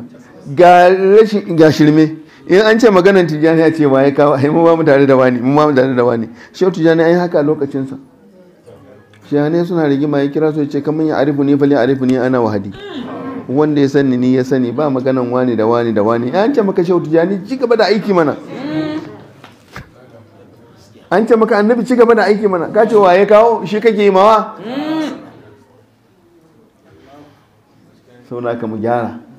ba ga rashin ga shirme in an ce maganar tijjani ya ce ba ya kawo haimu mu ba mu tare da wani mu ma mu tare da wani shehu tijjani yi haka lokacin sa ne suna rigima ya kira su ya ce kamar ya arifu ne fali arifu ne ana wahadi wanda ya sani ni ya sani ba maganan wani da wani da wani an ce maka shehu tijjani ci gaba da aiki mana an ce maka annabi ci gaba da aiki mana ka ce wa ya kawo shi kake yi mawa sauna ka mu gyara